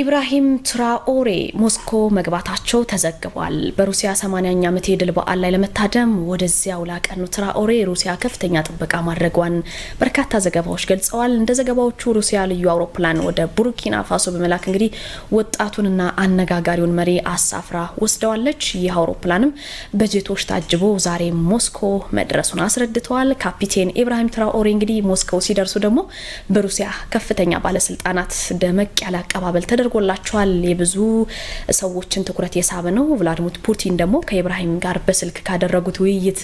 ኢብራሂም ትራኦሬ ሞስኮ መግባታቸው ተዘግቧል። በሩሲያ 80ኛ ዓመት የድል በዓል ላይ ለመታደም ወደዚያው ላቀኑ ትራኦሬ ሩሲያ ከፍተኛ ጥበቃ ማድረጓን በርካታ ዘገባዎች ገልጸዋል። እንደ ዘገባዎቹ ሩሲያ ልዩ አውሮፕላን ወደ ቡርኪና ፋሶ በመላክ እንግዲህ ወጣቱንና አነጋጋሪውን መሪ አሳፍራ ወስደዋለች። ይህ አውሮፕላንም በጀቶች ታጅቦ ዛሬ ሞስኮ መድረሱን አስረድተዋል። ካፒቴን ኢብራሂም ትራኦሬ እንግዲህ ሞስኮ ሲደርሱ ደግሞ በሩሲያ ከፍተኛ ባለስልጣናት ደመቅ ያለ አቀባበል ተደር ተደርጎላቸዋል። የብዙ ሰዎችን ትኩረት የሳበ ነው። ቭላድሚር ፑቲን ደግሞ ከኢብራሂም ጋር በስልክ ካደረጉት ውይይት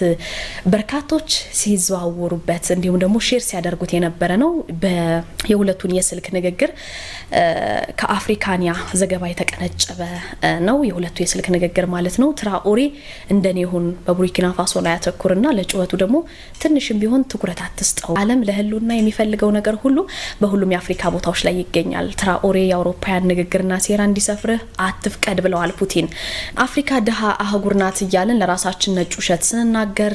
በርካቶች ሲዘዋወሩበት እንዲሁም ደግሞ ሼር ሲያደርጉት የነበረ ነው። የሁለቱን የስልክ ንግግር ከአፍሪካንያ ዘገባ የተቀነጨበ ነው። የሁለቱ የስልክ ንግግር ማለት ነው። ትራኦሬ እንደኔ ሁን፣ በቡርኪና ፋሶ ላይ ያተኩርና ለጩኸቱ ደግሞ ትንሽም ቢሆን ትኩረት አትስጠው። ዓለም ለህልውና የሚፈልገው ነገር ሁሉ በሁሉም የአፍሪካ ቦታዎች ላይ ይገኛል። ትራኦሬ የአውሮፓውያን ንግግርና ሴራ እንዲሰፍርህ አትፍቀድ ብለዋል ፑቲን። አፍሪካ ድሃ አህጉር ናት እያልን ለራሳችን ነጭ ውሸት ስንናገር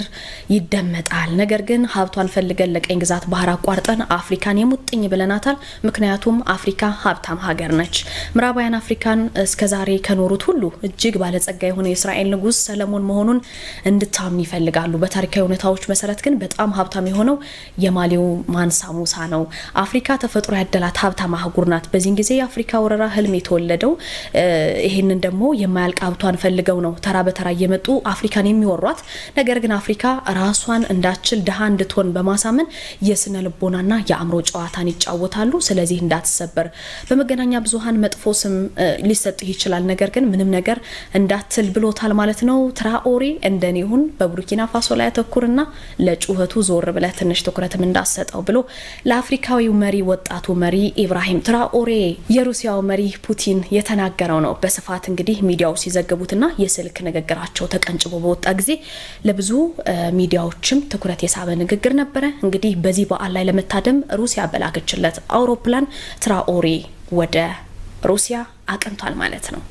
ይደመጣል። ነገር ግን ሀብቷን ፈልገን ለቀኝ ግዛት ባህር አቋርጠን አፍሪካን የሙጥኝ ብለናታል። ምክንያቱም አፍሪካ ሀብታም ሀገር ነች። ምዕራባውያን አፍሪካን እስከዛሬ ከኖሩት ሁሉ እጅግ ባለጸጋ የሆነ የእስራኤል ንጉስ ሰለሞን መሆኑን እንድታምን ይፈልጋሉ። በታሪካዊ ሁኔታዎች መሰረት ግን በጣም ሀብታም የሆነው የማሌው ማንሳ ሙሳ ነው። አፍሪካ ተፈጥሮ ያደላት ሀብታም አህጉር ናት። በዚህን ጊዜ የአፍሪካ ወረራ ህልም የተወለደው ይህንን ደግሞ የማያልቅ ሀብቷን ፈልገው ነው ተራ በተራ እየመጡ አፍሪካን የሚወሯት። ነገር ግን አፍሪካ ራሷን እንዳችል ድሀ እንድትሆን በማሳመን የስነ ልቦናና የአእምሮ ጨዋታን ይጫወታሉ። ስለዚህ እንዳትሰበር በመገናኛ ብዙሀን መጥፎ ስም ሊሰጥህ ይችላል። ነገር ግን ምንም ነገር እንዳትል ብሎታል ማለት ነው። ትራኦሬ እንደኔ ይሁን በቡርኪና ፋሶ ላይ አተኩርና ለጩኸቱ ዞር ብለ ትንሽ ትኩረትም እንዳሰጠው ብሎ ለአፍሪካዊው መሪ ወጣቱ መሪ ኢብራሂም ትራኦሬ የሩሲያው መሪ መሪ ፑቲን የተናገረው ነው። በስፋት እንግዲህ ሚዲያው ሲዘግቡትና የስልክ ንግግራቸው ተቀንጭቦ በወጣ ጊዜ ለብዙ ሚዲያዎችም ትኩረት የሳበ ንግግር ነበረ። እንግዲህ በዚህ በዓል ላይ ለመታደም ሩሲያ በላከችለት አውሮፕላን ትራኦሬ ወደ ሩሲያ አቅንቷል ማለት ነው።